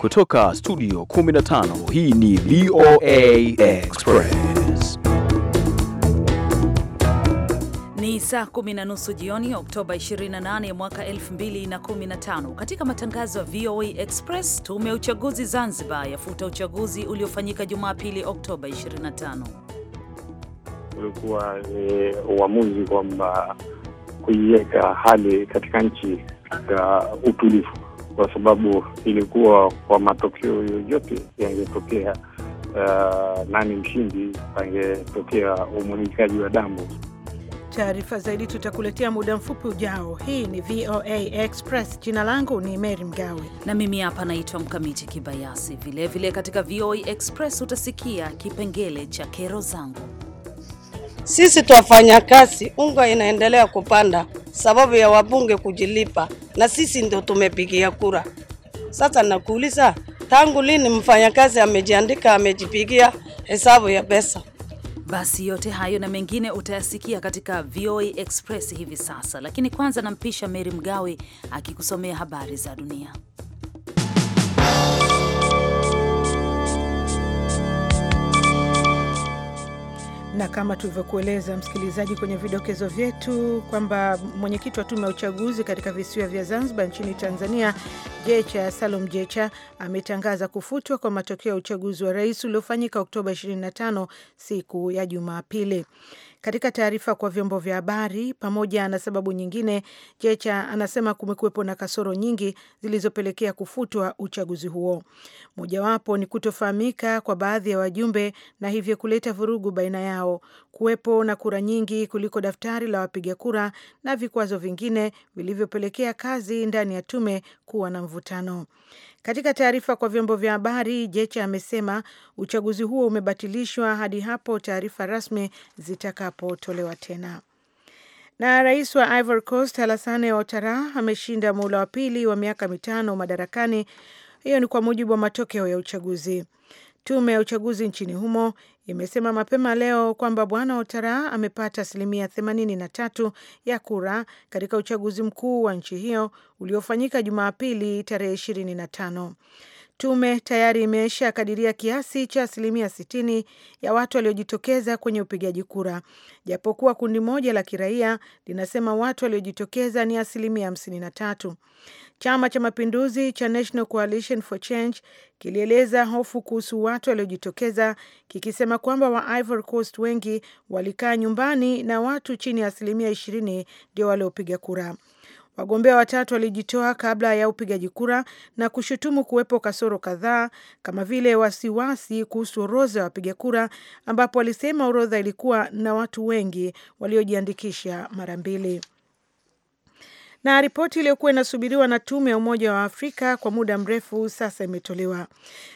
Kutoka studio 15 hii ni VOA Express. Ni saa kumi na nusu jioni Oktoba 28 mwaka 2015. Katika matangazo ya VOA Express, tume ya uchaguzi Zanzibar yafuta uchaguzi uliofanyika Jumapili Oktoba 25. Ulikuwa ni e, uamuzi kwamba kuiweka hali katika nchi katika utulivu kwa sababu ilikuwa kwa matokeo yoyote yangetokea, uh, nani mshindi, pangetokea umwagikaji wa damu. Taarifa zaidi tutakuletea muda mfupi ujao. Hii ni VOA Express. Jina langu ni Mary Mgawe na mimi hapa naitwa Mkamiti Kibayasi. Vilevile katika VOA Express utasikia kipengele cha kero zangu. Sisi twafanya kazi, unga inaendelea kupanda sababu ya wabunge kujilipa na sisi ndio tumepigia kura. Sasa nakuuliza, tangu lini mfanyakazi amejiandika amejipigia hesabu ya pesa? Basi yote hayo na mengine utayasikia katika VOA Express hivi sasa, lakini kwanza nampisha Mary Mgawe akikusomea habari za dunia. na kama tulivyokueleza msikilizaji kwenye vidokezo vyetu kwamba mwenyekiti wa tume ya uchaguzi katika visiwa vya Zanzibar nchini Tanzania, Jecha Salum Jecha ametangaza kufutwa kwa matokeo ya uchaguzi wa rais uliofanyika Oktoba 25 siku ya Jumapili. Katika taarifa kwa vyombo vya habari, pamoja na sababu nyingine, Jecha anasema kumekuwepo na kasoro nyingi zilizopelekea kufutwa uchaguzi huo. Mojawapo ni kutofahamika kwa baadhi ya wajumbe na hivyo kuleta vurugu baina yao, kuwepo na kura nyingi kuliko daftari la wapiga kura na vikwazo vingine vilivyopelekea kazi ndani ya tume kuwa na mvutano. Katika taarifa kwa vyombo vya habari, Jecha amesema uchaguzi huo umebatilishwa hadi hapo taarifa rasmi zitakapotolewa tena. Na rais wa Ivory Coast Alassane Ouattara ameshinda muhula wa pili wa miaka mitano madarakani. Hiyo ni kwa mujibu wa matokeo ya uchaguzi. Tume ya uchaguzi nchini humo imesema mapema leo kwamba Bwana otara amepata asilimia 83 ya kura katika uchaguzi mkuu wa nchi hiyo uliofanyika Jumapili tarehe 25. Tume tayari imesha kadiria kiasi cha asilimia 60 ya watu waliojitokeza kwenye upigaji kura, japokuwa kundi moja la kiraia linasema watu waliojitokeza ni asilimia hamsini na tatu. Chama cha Mapinduzi cha National Coalition for Change kilieleza hofu kuhusu watu waliojitokeza kikisema kwamba wa Ivory Coast wengi walikaa nyumbani na watu chini ya asilimia ishirini ndio waliopiga kura. Wagombea watatu walijitoa kabla ya upigaji kura na kushutumu kuwepo kasoro kadhaa kama vile wasiwasi kuhusu orodha ya wapiga kura, ambapo walisema orodha ilikuwa na watu wengi waliojiandikisha mara mbili. Na ripoti iliyokuwa inasubiriwa na tume ya Umoja wa Afrika kwa muda mrefu sasa imetolewa.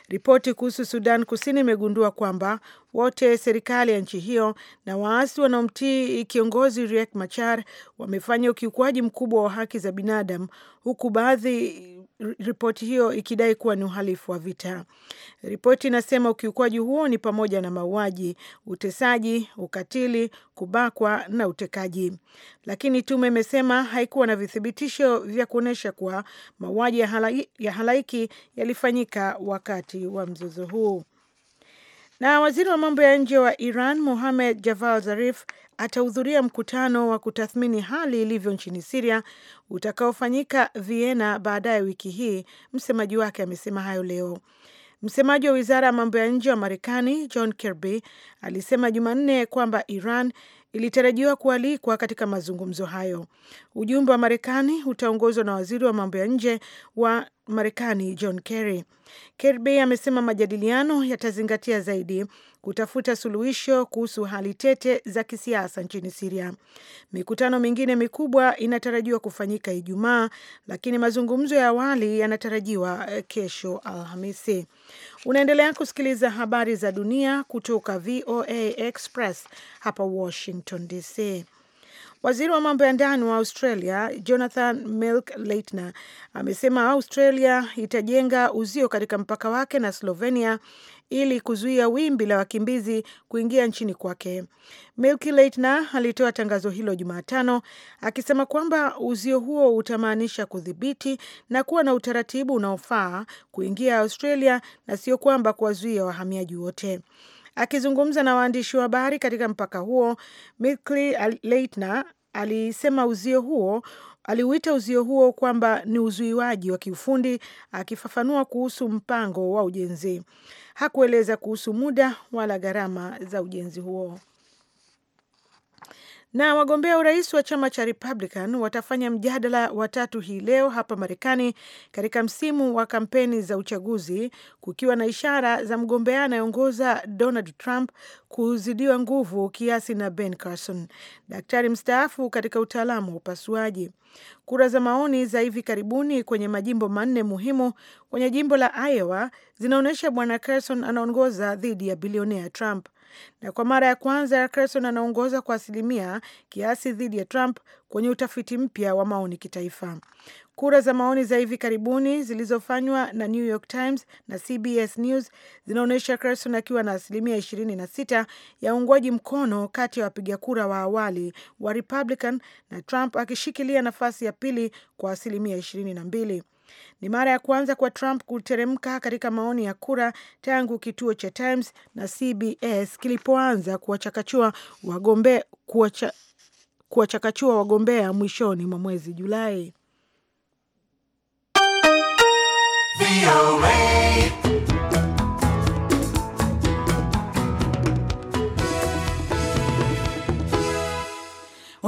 Ripoti kuhusu Sudan Kusini imegundua kwamba wote serikali ya nchi hiyo na waasi wanaomtii kiongozi Riek Machar wamefanya ukiukwaji mkubwa wa haki za binadamu, huku baadhi ripoti hiyo ikidai kuwa ni uhalifu wa vita. Ripoti inasema ukiukwaji huo ni pamoja na mauaji, utesaji, ukatili, kubakwa na utekaji, lakini tume imesema haikuwa na vithibitisho vya kuonyesha kuwa mauaji ya halaiki yalifanyika wakati wa mzozo huu. Na waziri wa mambo ya nje wa Iran Mohamed Javad Zarif atahudhuria mkutano wa kutathmini hali ilivyo nchini Siria utakaofanyika Vienna baadaye wiki hii. Msemaji wake amesema hayo leo. Msemaji wa wizara ya mambo ya nje wa Marekani John Kirby alisema Jumanne kwamba Iran ilitarajiwa kualikwa katika mazungumzo hayo. Ujumbe wa Marekani utaongozwa na waziri wa mambo ya nje wa Marekani John Kerry. Kirby amesema majadiliano yatazingatia zaidi kutafuta suluhisho kuhusu hali tete za kisiasa nchini Siria. Mikutano mingine mikubwa inatarajiwa kufanyika Ijumaa, lakini mazungumzo ya awali yanatarajiwa eh, kesho Alhamisi. Unaendelea kusikiliza habari za dunia kutoka VOA Express hapa Washington DC. Waziri wa mambo ya ndani wa Australia Jonathan Milk Leitner amesema Australia itajenga uzio katika mpaka wake na Slovenia ili kuzuia wimbi la wakimbizi kuingia nchini kwake. milk Leitner alitoa tangazo hilo Jumatano akisema kwamba uzio huo utamaanisha kudhibiti na kuwa na utaratibu unaofaa kuingia Australia na sio kwamba kuwazuia wahamiaji wote. Akizungumza na waandishi wa habari katika mpaka huo, Mikli Leitner alisema uzio huo aliuita uzio huo kwamba ni uzuiwaji wa kiufundi, akifafanua kuhusu mpango wa ujenzi. Hakueleza kuhusu muda wala gharama za ujenzi huo. Na wagombea urais wa chama cha Republican watafanya mjadala watatu hii leo hapa Marekani katika msimu wa kampeni za uchaguzi, kukiwa na ishara za mgombea anayeongoza Donald Trump kuzidiwa nguvu kiasi na Ben Carson, daktari mstaafu katika utaalamu wa upasuaji. Kura za maoni za hivi karibuni kwenye majimbo manne muhimu kwenye jimbo la Iowa zinaonyesha bwana Carson anaongoza dhidi ya bilionea Trump na kwa mara ya kwanza Carson anaongoza kwa asilimia kiasi dhidi ya Trump kwenye utafiti mpya wa maoni kitaifa. Kura za maoni za hivi karibuni zilizofanywa na New York Times na CBS News zinaonyesha Carson akiwa na asilimia 26 ya uungwaji mkono kati ya wapiga kura wa awali wa Republican na Trump akishikilia nafasi ya pili kwa asilimia 22. Ni mara ya kwanza kwa Trump kuteremka katika maoni ya kura tangu kituo cha Times na CBS kilipoanza kuwachakachua wagombea kuwacha, kuwachakachua wagombea mwishoni mwa mwezi Julai. Radio.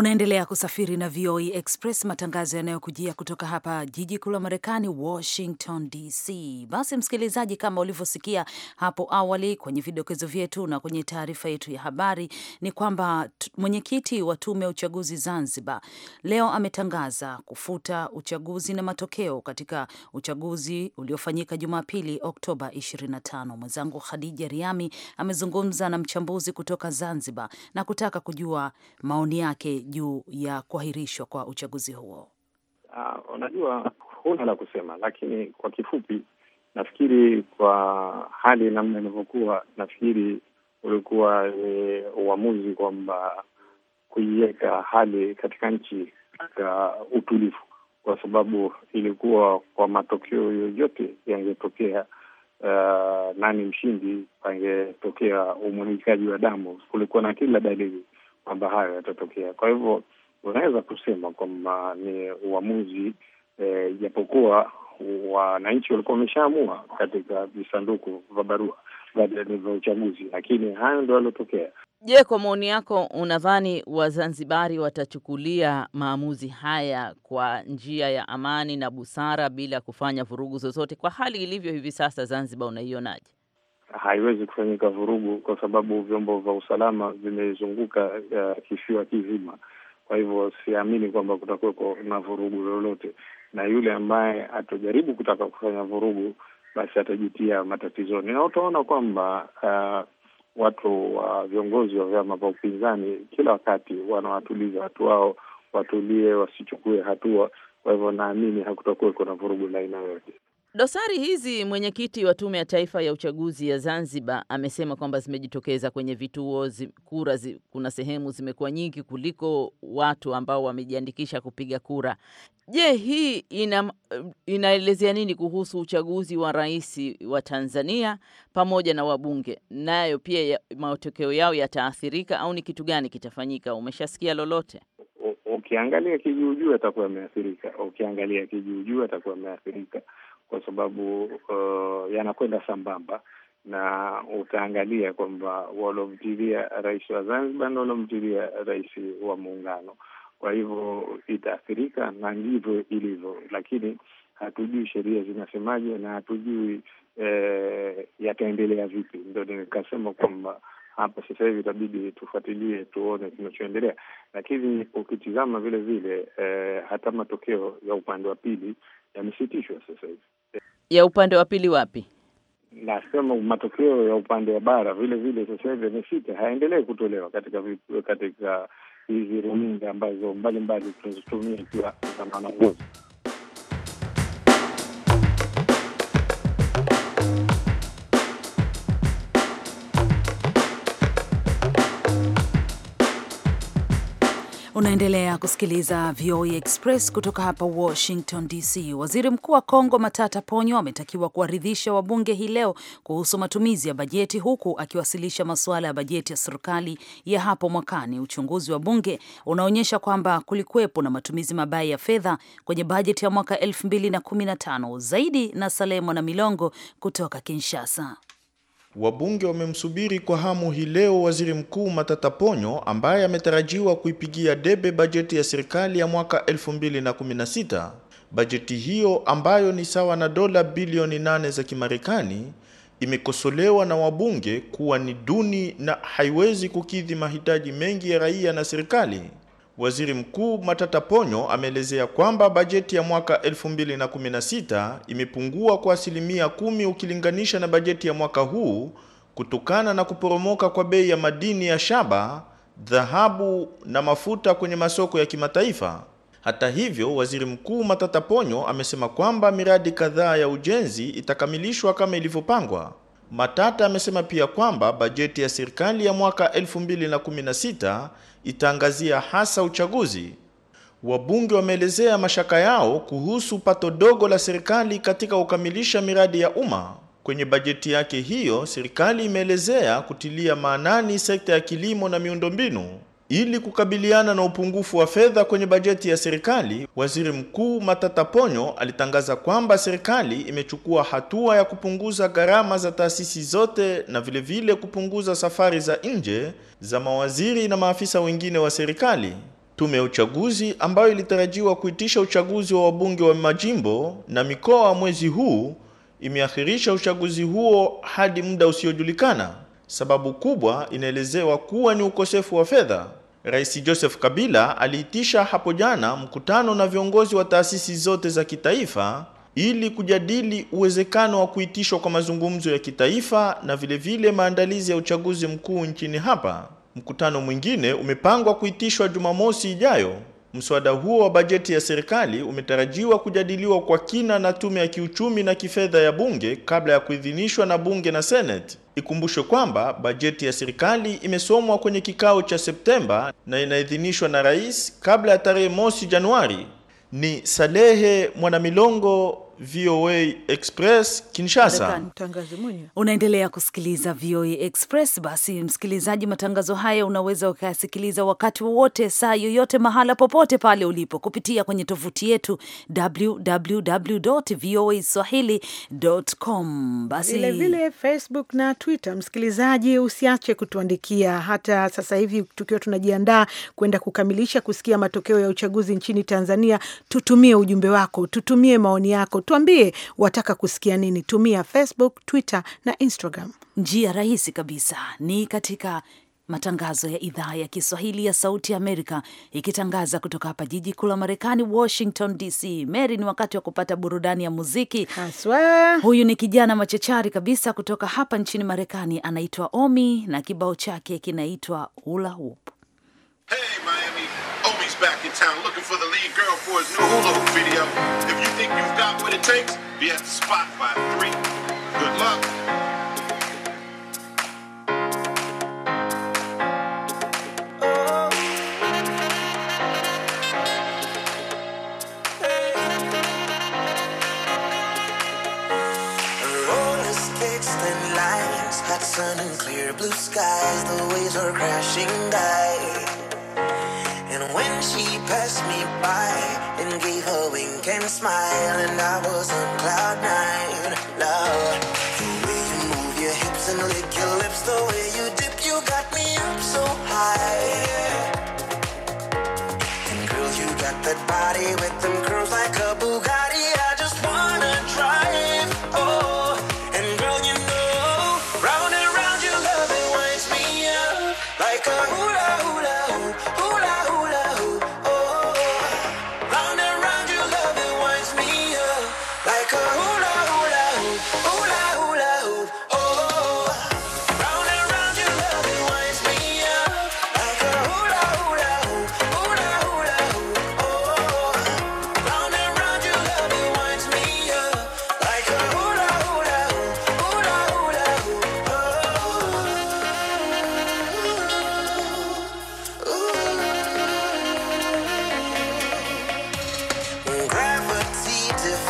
Unaendelea kusafiri na VOA e Express, matangazo yanayokujia kutoka hapa jiji kuu la Marekani, Washington DC. Basi msikilizaji, kama ulivyosikia hapo awali kwenye vidokezo vyetu na kwenye taarifa yetu ya habari, ni kwamba mwenyekiti wa tume ya uchaguzi Zanzibar leo ametangaza kufuta uchaguzi na matokeo katika uchaguzi uliofanyika Jumapili, Oktoba 25. Mwenzangu Khadija Riami amezungumza na mchambuzi kutoka Zanzibar na kutaka kujua maoni yake juu ya kuahirishwa kwa uchaguzi huo? Uh, unajua huna la kusema, lakini kwa kifupi nafikiri kwa hali namna ilivyokuwa, nafikiri ulikuwa ni eh, uamuzi kwamba kuiweka hali katika nchi katika utulivu, kwa sababu ilikuwa kwa matokeo yoyote yangetokea, uh, nani mshindi, pangetokea umwagikaji wa damu. Kulikuwa na kila dalili kwamba hayo yatatokea. Kwa hivyo unaweza kusema kwamba ni uamuzi eh, japokuwa e, wananchi walikuwa wameshaamua katika visanduku vya barua vya uchaguzi, lakini hayo ndo yaliotokea. Je, kwa maoni yako unadhani Wazanzibari watachukulia maamuzi haya kwa njia ya amani na busara bila kufanya vurugu zozote kwa hali ilivyo hivi sasa Zanzibar, unaionaje? haiwezi kufanyika vurugu, kwa sababu vyombo vya usalama vimezunguka uh, kisiwa kizima. Kwa hivyo siamini kwamba kutakuweko na vurugu lolote, na yule ambaye atajaribu kutaka kufanya vurugu, basi atajitia matatizoni, na utaona kwamba uh, watu wa uh, viongozi wa vyama vya upinzani kila wakati wanawatuliza watu wao watulie, wasichukue hatua. Kwa hivyo naamini hakutakuweko na vurugu la aina yoyote. Dosari hizi mwenyekiti wa Tume ya Taifa ya Uchaguzi ya Zanzibar amesema kwamba zimejitokeza kwenye vituo zi, kura zi, kuna sehemu zimekuwa nyingi kuliko watu ambao wamejiandikisha kupiga kura. Je, hii ina, inaelezea nini kuhusu uchaguzi wa rais wa Tanzania pamoja na wabunge? Nayo pia ya, matokeo yao yataathirika au ni kitu gani kitafanyika? Umeshasikia lolote? Ukiangalia kijuujuu atakuwa ameathirika, ukiangalia kijuujuu atakuwa ameathirika kwa sababu uh, yanakwenda sambamba na utaangalia kwamba walomtilia rais wa Zanzibar na walomtilia rais wa Muungano. Kwa hivyo itaathirika, na ndivyo ilivyo, lakini hatujui sheria zinasemaje na hatujui eh, yataendelea vipi. Ndo nikasema kwamba hapa sasa hivi itabidi tufuatilie tuone kinachoendelea, lakini ukitizama vile vile eh, hata matokeo ya upande wa pili yamesitishwa sasa hivi ya upande wa pili wapi? Nasema matokeo ya upande wa bara vile vile sasa hivi yamefika, haendelee kutolewa katika katika hizi runinga ambazo mbalimbali tunazitumia ikiwa na uongozi. Unaendelea kusikiliza VOA e Express kutoka hapa Washington DC. Waziri Mkuu wa Kongo Matata Ponyo ametakiwa kuwaridhisha wabunge hii leo kuhusu matumizi ya bajeti, huku akiwasilisha masuala ya bajeti ya serikali ya hapo mwakani. Uchunguzi wa bunge unaonyesha kwamba kulikuwepo na matumizi mabaya ya fedha kwenye bajeti ya mwaka 2015. Zaidi na Salemo na Milongo kutoka Kinshasa. Wabunge wamemsubiri kwa hamu hii leo Waziri Mkuu Matata Ponyo ambaye ametarajiwa kuipigia debe bajeti ya serikali ya mwaka 2016. Bajeti hiyo ambayo ni sawa na dola bilioni 8 za Kimarekani imekosolewa na wabunge kuwa ni duni na haiwezi kukidhi mahitaji mengi ya raia na serikali. Waziri Mkuu Matata Ponyo ameelezea kwamba bajeti ya mwaka 2016 imepungua kwa asilimia kumi ukilinganisha na bajeti ya mwaka huu kutokana na kuporomoka kwa bei ya madini ya shaba, dhahabu na mafuta kwenye masoko ya kimataifa. Hata hivyo, Waziri Mkuu Matata Ponyo amesema kwamba miradi kadhaa ya ujenzi itakamilishwa kama ilivyopangwa. Matata amesema pia kwamba bajeti ya serikali ya mwaka 2016 itaangazia hasa uchaguzi. Wabunge wameelezea mashaka yao kuhusu pato dogo la serikali katika kukamilisha miradi ya umma. Kwenye bajeti yake hiyo, serikali imeelezea kutilia maanani sekta ya kilimo na miundombinu. Ili kukabiliana na upungufu wa fedha kwenye bajeti ya serikali, Waziri Mkuu Matata Ponyo alitangaza kwamba serikali imechukua hatua ya kupunguza gharama za taasisi zote na vilevile vile kupunguza safari za nje za mawaziri na maafisa wengine wa serikali. Tume ya uchaguzi ambayo ilitarajiwa kuitisha uchaguzi wa wabunge wa majimbo na mikoa mwezi huu imeahirisha uchaguzi huo hadi muda usiojulikana. Sababu kubwa inaelezewa kuwa ni ukosefu wa fedha. Rais Joseph Kabila aliitisha hapo jana mkutano na viongozi wa taasisi zote za kitaifa ili kujadili uwezekano wa kuitishwa kwa mazungumzo ya kitaifa na vilevile vile maandalizi ya uchaguzi mkuu nchini hapa. Mkutano mwingine umepangwa kuitishwa Jumamosi ijayo. Mswada huo wa bajeti ya serikali umetarajiwa kujadiliwa kwa kina na tume ya kiuchumi na kifedha ya bunge kabla ya kuidhinishwa na bunge na Senate. Ikumbushwe kwamba bajeti ya serikali imesomwa kwenye kikao cha Septemba na inaidhinishwa na rais kabla ya tarehe mosi Januari. Ni Salehe Mwanamilongo VOA Express Kinshasa. Unaendelea kusikiliza VOA Express. Basi msikilizaji, matangazo haya unaweza ukayasikiliza wakati wowote, saa yoyote, mahala popote pale ulipo kupitia kwenye tovuti yetu www.voaswahili.com. Basi vile Facebook na Twitter, msikilizaji usiache kutuandikia, hata sasa hivi tukiwa tunajiandaa kwenda kukamilisha kusikia matokeo ya uchaguzi nchini Tanzania. Tutumie ujumbe wako, tutumie maoni yako Tuambie wataka kusikia nini. Tumia Facebook, Twitter na Instagram. Njia rahisi kabisa ni katika matangazo ya idhaa ya Kiswahili ya Sauti ya Amerika ikitangaza kutoka hapa jiji kuu la Marekani, Washington DC. Mary, ni wakati wa kupata burudani ya muziki haswa. Huyu ni kijana machachari kabisa kutoka hapa nchini Marekani, anaitwa Omi na kibao chake kinaitwa Hula Hoop. Hey, Miami. Town looking for the lead girl for his new hula hoop video. If you think you've got what it takes, be at the spot by three. Good luck. hot sun and clear blue skies. The waves are crashing by. She passed me by and gave her wink and smile, and I was on cloud nine. Love, the way you move your hips and lick your lips, the way you dip, you got me up so high. And girl, you got that body with them curls like a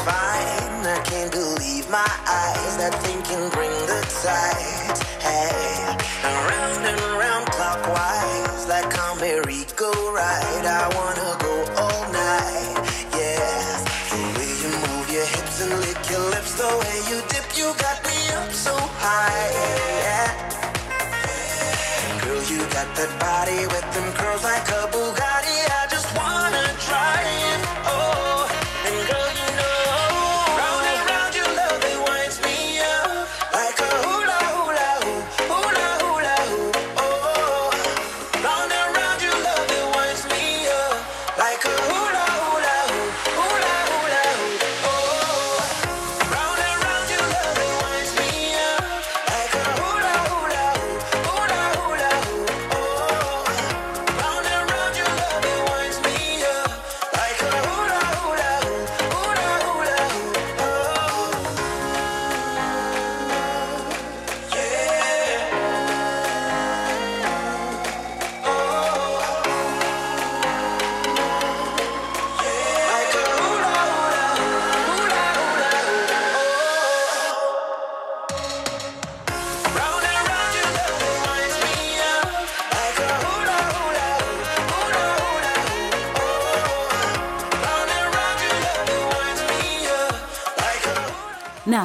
fine. I can't believe my eyes. That thing can bring the tide. Hey.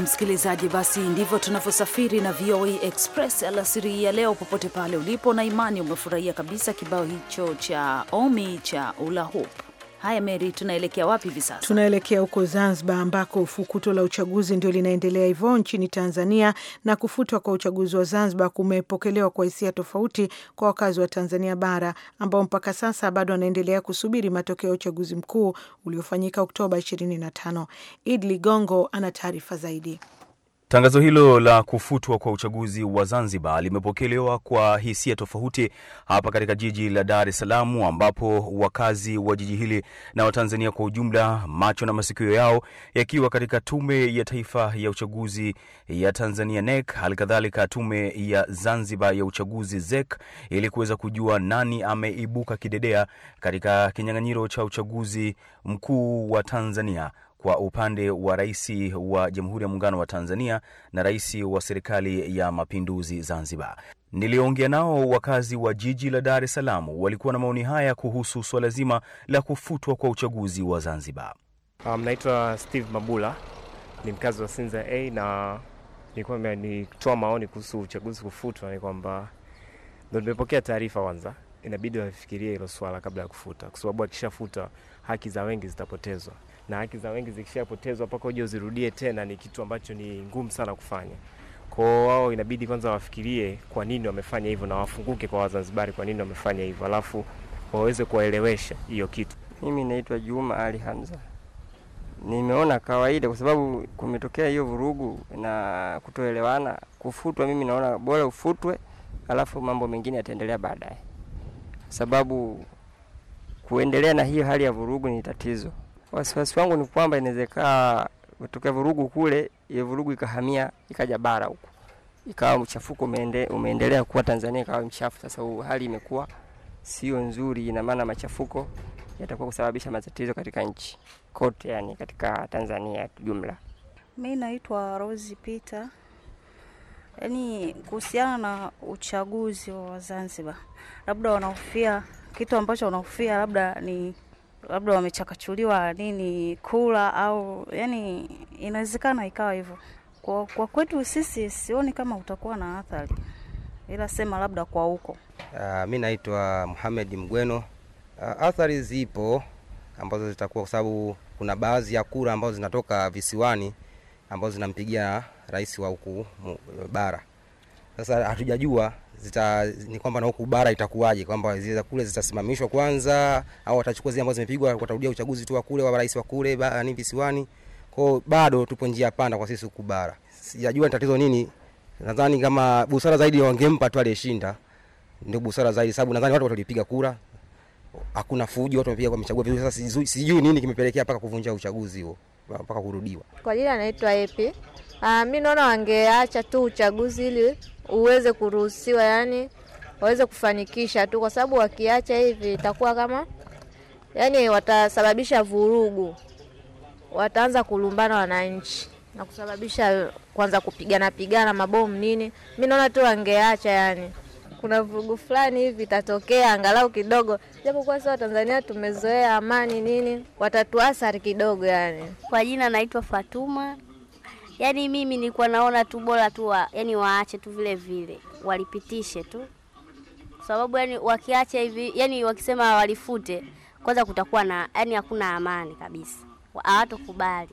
msikilizaji, basi ndivyo tunavyosafiri na VOA e Express alasiri ya leo, popote pale ulipo, na imani umefurahia kabisa kibao hicho cha Omi cha ulahop Haya Mary, tunaelekea wapi hivi sasa? Tunaelekea huko Zanzibar ambako fukuto la uchaguzi ndio linaendelea hivyo nchini Tanzania, na kufutwa kwa uchaguzi wa Zanzibar kumepokelewa kwa hisia tofauti kwa wakazi wa Tanzania bara ambao mpaka sasa bado wanaendelea kusubiri matokeo ya uchaguzi mkuu uliofanyika Oktoba 25. Idi Ligongo ana taarifa zaidi. Tangazo hilo la kufutwa kwa uchaguzi wa Zanzibar limepokelewa kwa hisia tofauti hapa katika jiji la Dar es Salaam, ambapo wakazi wa jiji hili na Watanzania kwa ujumla, macho na masikio yao yakiwa katika Tume ya Taifa ya Uchaguzi ya Tanzania NEC, halikadhalika Tume ya Zanzibar ya Uchaguzi ZEC, ili kuweza kujua nani ameibuka kidedea katika kinyang'anyiro cha uchaguzi mkuu wa Tanzania kwa upande wa rais wa Jamhuri ya Muungano wa Tanzania na rais wa Serikali ya Mapinduzi Zanzibar, niliongea nao. Wakazi wa jiji la Dar es Salaam walikuwa na maoni haya kuhusu swala zima la kufutwa kwa uchaguzi wa Zanzibar. Ah, mnaitwa um, Steve Mabula, ni mkazi wa Sinza A na nilikuwa nitoa maoni kuhusu uchaguzi kufutwa. Ni kwamba ndo nimepokea taarifa kwanza, inabidi wafikirie hilo swala kabla ya kufuta, kwa sababu akishafuta haki za wengi zitapotezwa na haki za wengi zikishapotezwa mpaka uje uzirudie tena, ni kitu ambacho ni ngumu sana kufanya. hiyo wao inabidi kwanza wafikirie kwa nini wamefanya hivyo, na wafunguke kwa Wazanzibari kwa nini wamefanya hivyo, alafu waweze kuwaelewesha hiyo kitu. Mimi naitwa Juma Ali Hamza. Nimeona kawaida kwa sababu kumetokea hiyo vurugu na kutoelewana, kufutwa. Mimi naona bora ufutwe, alafu mambo mengine yataendelea baadaye, sababu kuendelea na hiyo hali ya vurugu ni tatizo. Wasiwasi wangu ni kwamba inawezekana kutoka vurugu kule, ile vurugu ikahamia ikaja bara huku, ikawa mchafuko umeende, umeendelea kuwa Tanzania ikawa mchafu. Sasa hali imekuwa sio nzuri, ina maana machafuko yatakuwa kusababisha matatizo katika nchi kote, yani katika Tanzania jumla. Mimi naitwa Rose Peter. Yani kuhusiana na uchaguzi wa Zanzibar, labda wanahofia kitu ambacho wanahofia labda ni labda wamechakachuliwa nini kula au yani, inawezekana ikawa hivyo. Kwa, kwa kwetu sisi sioni kama utakuwa na athari, ila sema labda kwa huko. Uh, mi naitwa Muhamed Mgweno. Uh, athari zipo ambazo zitakuwa kwa sababu kuna baadhi ya kura ambazo zinatoka visiwani ambazo zinampigia rais wa huku bara. Sasa hatujajua zita ni kwamba na huku bara itakuwaje, kwamba zile za kule zitasimamishwa kwanza au watachukua zile ambazo zimepigwa, watarudia uchaguzi tu wa kule wa rais wa kule ni visiwani. Kwao bado tupo njia panda kwa sisi huku bara, sijajua ni tatizo nini. Nadhani kama busara zaidi wangempa tu aliyeshinda, ndio busara zaidi, sababu nadhani watu walipiga kura, hakuna fujo, watu wamepiga kwa michaguo vizuri. Sasa sijui nini kimepelekea mpaka kuvunja uchaguzi huo mpaka kurudiwa. Kwa jina anaitwa Epi. Uh, mi naona wangeacha tu uchaguzi ili uweze kuruhusiwa, yani waweze kufanikisha tu, kwa sababu wakiacha hivi itakuwa kama yani watasababisha vurugu, wataanza kulumbana wananchi na kusababisha kwanza kupigana pigana mabomu nini. Mi naona tu wangeacha yani kuna vurugu fulani hivi itatokea angalau kidogo, japo kwa sasa Tanzania tumezoea amani nini, watatuasari kidogo yani. Kwa jina naitwa Fatuma. Yani mimi nilikuwa naona tu bora tu wa, yani waache tu vile vile walipitishe tu sababu yani wakiacha hivi yani wakisema walifute kwanza kutakuwa na yani hakuna amani kabisa, hawatokubali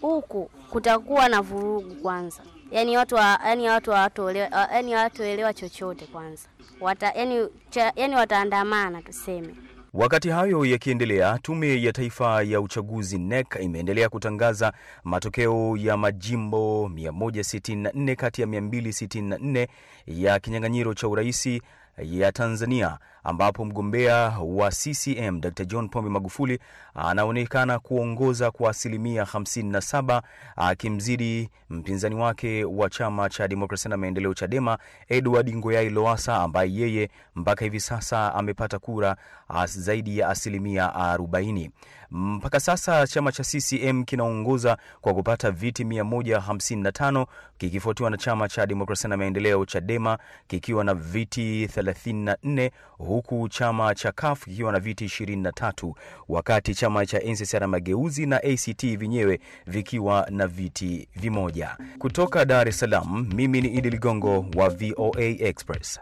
huku, kutakuwa na vurugu kwanza yani watu wa yani watu yaani hawatoelewa yani elewa chochote kwanza wata yani yani wataandamana tuseme. Wakati hayo yakiendelea, Tume ya Taifa ya Uchaguzi NEC imeendelea kutangaza matokeo ya majimbo 164 kati ya 264 ya kinyang'anyiro cha uraisi ya Tanzania ambapo mgombea wa CCM Dr. John Pombe Magufuli anaonekana kuongoza kwa asilimia 57 akimzidi mpinzani wake wa chama cha demokrasia na maendeleo Chadema Edward Ngoyai Lowassa ambaye yeye mpaka hivi sasa amepata kura zaidi ya asilimia 40. Mpaka sasa chama cha CCM kinaongoza kwa kupata viti 155 kikifuatiwa na chama cha demokrasia na maendeleo Chadema kikiwa na viti 34 huku chama cha CUF kikiwa na viti 23 wakati chama cha NCCR Mageuzi na ACT vyenyewe vikiwa na viti vimoja. Kutoka Dar es Salaam, mimi ni Idi Ligongo wa VOA Express.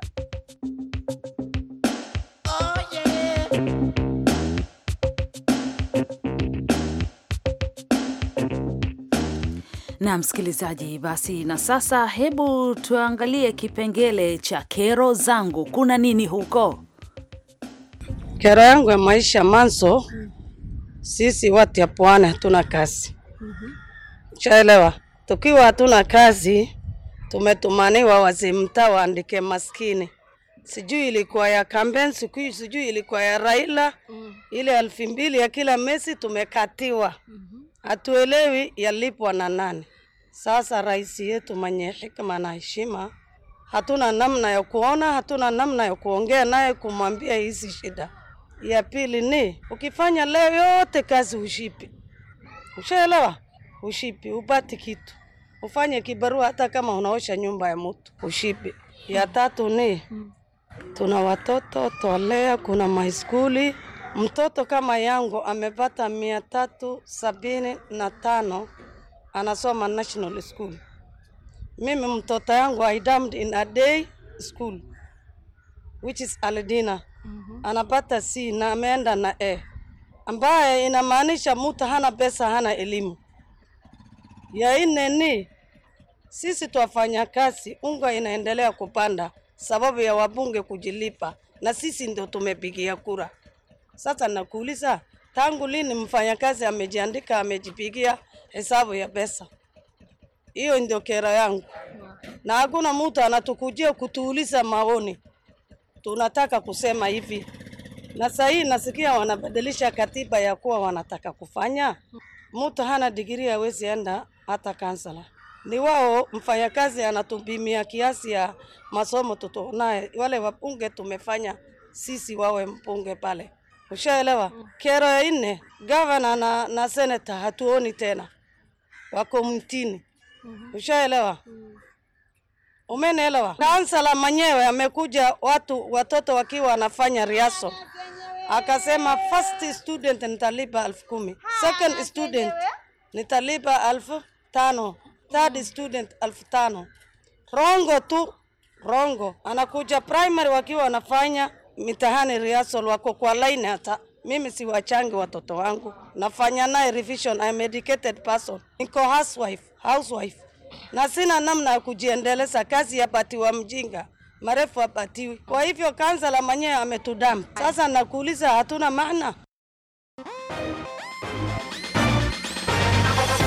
na msikilizaji, basi na sasa, hebu tuangalie kipengele cha kero zangu. Kuna nini huko? Kero yangu ya maisha manso, sisi watu ya pwani hatuna kazi, chaelewa. Tukiwa hatuna kazi, tumetumaniwa wazee mtaa waandike maskini. Sijui ilikuwa ya kampeni, sijui ilikuwa ya Raila, ile elfu mbili ya kila mesi tumekatiwa, hatuelewi yalipwa na nani. Sasa rais yetu mwenye hikma na heshima, hatuna namna ya kuona, hatuna namna ya kuongea naye, kumwambia hizi shida ya pili ni ukifanya leo yote kazi ushipi, ushaelewa? Ushipi upati kitu, ufanye kibarua, hata kama unaosha nyumba ya mtu ushipi. Ya tatu ni tuna watoto twalea, kuna maiskuli. Mtoto kama yangu amepata mia tatu sabini na tano anasoma national school. Mimi mtoto yangu I damned in a day school which is Aladina -hmm. anapata C na ameenda na e ambaye inamaanisha mtu hana pesa, hana elimu. Ya nne ni sisi twafanya kazi, unga inaendelea kupanda sababu ya wabunge kujilipa, na sisi ndio tumepigia kura. Sasa nakuuliza, tangu lini mfanyakazi amejiandika amejipigia hesabu ya pesa? Hiyo ndio kera yangu, na hakuna mtu anatukujia kutuuliza maoni. Tunataka kusema hivi, na saa hii nasikia wanabadilisha katiba ya kuwa wanataka kufanya mtu hana digiri hawezi enda hata kansala. Ni wao mfanyakazi anatupimia kiasi ya masomo naye, wale wabunge tumefanya sisi wawe mbunge pale, ushaelewa? Mm. Kero ya nne, gavana na, na seneta hatuoni tena, wako mtini, mm-hmm. ushaelewa? Mm. Umenielewa? Kansala mwenyewe amekuja, watu watoto wakiwa wanafanya riaso, akasema first student nitalipa elfu kumi second ah, student nitalipa elfu tano third student elfu tano Rongo tu rongo, anakuja primary wakiwa wanafanya mitihani riaso wako kwa line. Hata mimi si siwachangi watoto wangu, nafanya naye revision. I am educated person, niko housewife housewife na sina namna ya kujiendeleza. Kazi yapatiwa mjinga, marefu apatiwi Kwa hivyo la mwenyewe ametudamba. Sasa nakuuliza, hatuna maana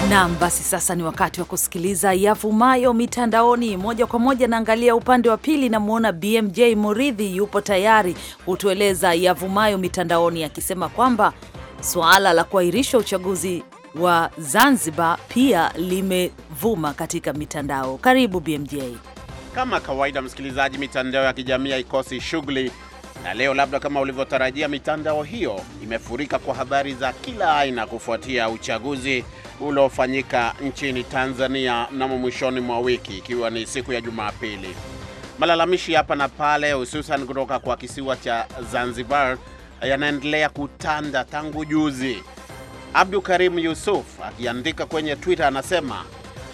Nam, basi sasa ni wakati wa kusikiliza yavumayo mitandaoni moja kwa moja. Naangalia upande wa pili, namwona BMJ Muridhi yupo tayari kutueleza yavumayo mitandaoni, akisema kwamba suala la kuahirisha uchaguzi wa Zanzibar pia limevuma katika mitandao. Karibu BMJ. Kama kawaida, msikilizaji, mitandao ya kijamii haikosi shughuli, na leo, labda kama ulivyotarajia, mitandao hiyo imefurika kwa habari za kila aina kufuatia uchaguzi uliofanyika nchini Tanzania mnamo mwishoni mwa wiki, ikiwa ni siku ya Jumapili. Malalamishi hapa na pale, hususan kutoka kwa kisiwa cha Zanzibar, yanaendelea kutanda tangu juzi Abdu Karim Yusuf akiandika kwenye Twitter anasema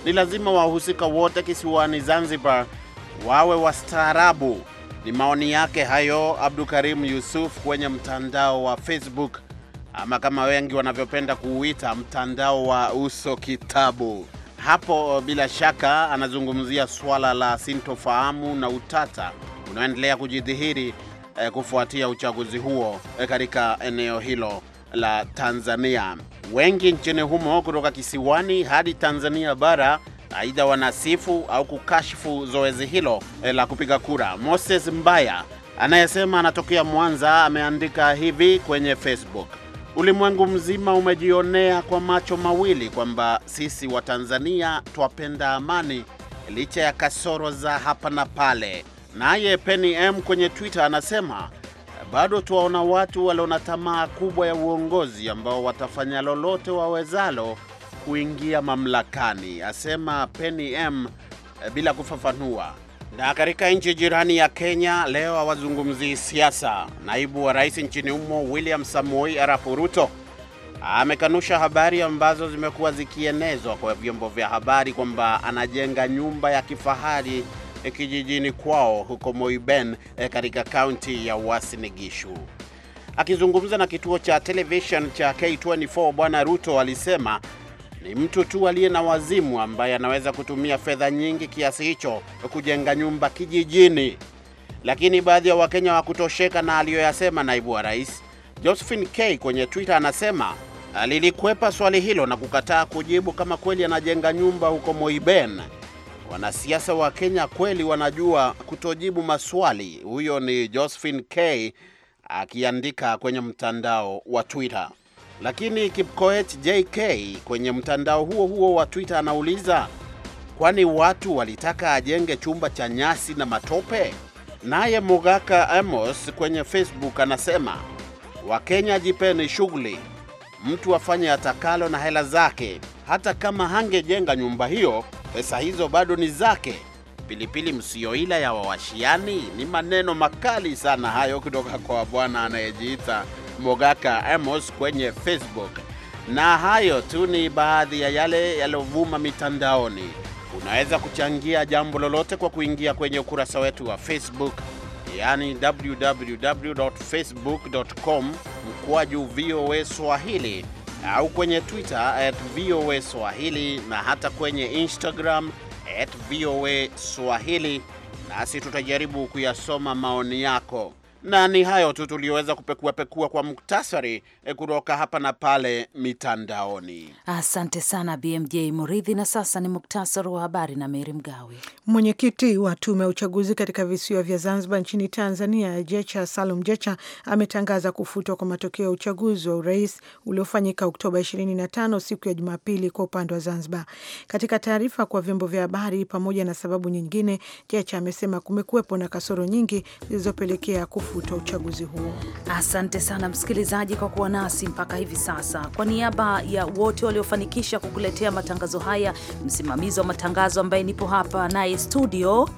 ni lazima wahusika wote kisiwani Zanzibar wawe wastaarabu. Ni maoni yake hayo Abdu Karim Yusuf kwenye mtandao wa Facebook ama kama wengi wanavyopenda kuuita mtandao wa uso kitabu. Hapo bila shaka anazungumzia swala la sintofahamu na utata unaoendelea kujidhihiri eh, kufuatia uchaguzi huo eh, katika eneo hilo la Tanzania wengi nchini humo kutoka kisiwani hadi Tanzania bara aidha wanasifu au kukashifu zoezi hilo eh, la kupiga kura. Moses Mbaya anayesema anatokea Mwanza ameandika hivi kwenye Facebook: ulimwengu mzima umejionea kwa macho mawili kwamba sisi wa Tanzania twapenda amani licha ya kasoro za hapa na pale. Naye Penny M kwenye Twitter anasema bado tuwaona watu waliona tamaa kubwa ya uongozi ambao watafanya lolote wawezalo kuingia mamlakani, asema Penny M eh, bila kufafanua. Na katika nchi jirani ya Kenya leo hawazungumzii siasa. Naibu wa rais nchini humo William Samoei Arap Ruto amekanusha habari ambazo zimekuwa zikienezwa kwa vyombo vya habari kwamba anajenga nyumba ya kifahari Eh, kijijini kwao huko Moiben eh, katika kaunti ya Uasin Gishu. Akizungumza na kituo cha television cha K24, Bwana Ruto alisema ni mtu tu aliye na wazimu ambaye anaweza kutumia fedha nyingi kiasi hicho kujenga nyumba kijijini. Lakini baadhi ya Wakenya hawakutosheka na aliyoyasema naibu wa rais. Josephine K kwenye Twitter anasema alilikwepa swali hilo na kukataa kujibu kama kweli anajenga nyumba huko Moiben. Wanasiasa wa Kenya kweli wanajua kutojibu maswali. Huyo ni Josephine K akiandika kwenye mtandao wa Twitter. Lakini Kipkoech JK kwenye mtandao huo huo wa Twitter anauliza, kwani watu walitaka ajenge chumba cha nyasi na matope? Naye Mugaka Amos kwenye Facebook anasema, Wakenya jipeni shughuli, mtu afanye atakalo na hela zake. Hata kama hangejenga nyumba hiyo pesa hizo bado ni zake. Pilipili msioila ya wawashiani, ni maneno makali sana hayo kutoka kwa bwana anayejiita Mogaka Amos kwenye Facebook. Na hayo tu ni baadhi ya yale yaliyovuma mitandaoni. Unaweza kuchangia jambo lolote kwa kuingia kwenye ukurasa wetu wa Facebook, yani www.facebook.com mkwaju VOA Swahili au kwenye Twitter at VOA Swahili na hata kwenye Instagram at VOA Swahili, nasi tutajaribu kuyasoma maoni yako. Na ni hayo tu tulioweza kupekuapekua kwa muktasari eh, kutoka hapa na pale mitandaoni. Asante sana BMJ Muridhi. Na sasa ni muktasari wa habari na Meri Mgawe. Mwenyekiti wa tume ya uchaguzi katika visiwa vya Zanzibar nchini Tanzania, Jecha Salum Jecha, ametangaza kufutwa kwa matokeo ya uchaguzi wa urais uliofanyika Oktoba 25 siku ya Jumapili kwa upande wa Zanzibar. Katika taarifa kwa vyombo vya habari, pamoja na sababu nyingine, Jecha amesema kumekuwepo na kasoro nyingi zilizopelekea kufuta uchaguzi huo. Asante sana msikilizaji kwa kuwa nasi mpaka hivi sasa. Kwa niaba ya wote waliofanikisha kukuletea matangazo haya, msimamizi wa matangazo ambaye nipo hapa naye studio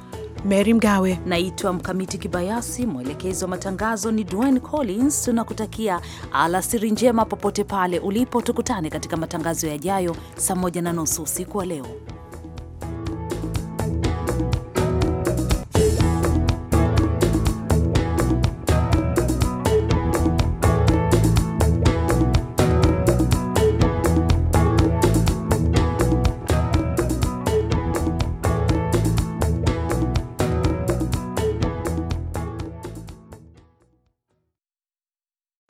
Mary Mgawe, naitwa Mkamiti Kibayasi, mwelekezi wa matangazo ni Dwayne Collins. Tunakutakia alasiri njema popote pale ulipo, tukutane katika matangazo yajayo saa moja na nusu usiku wa leo.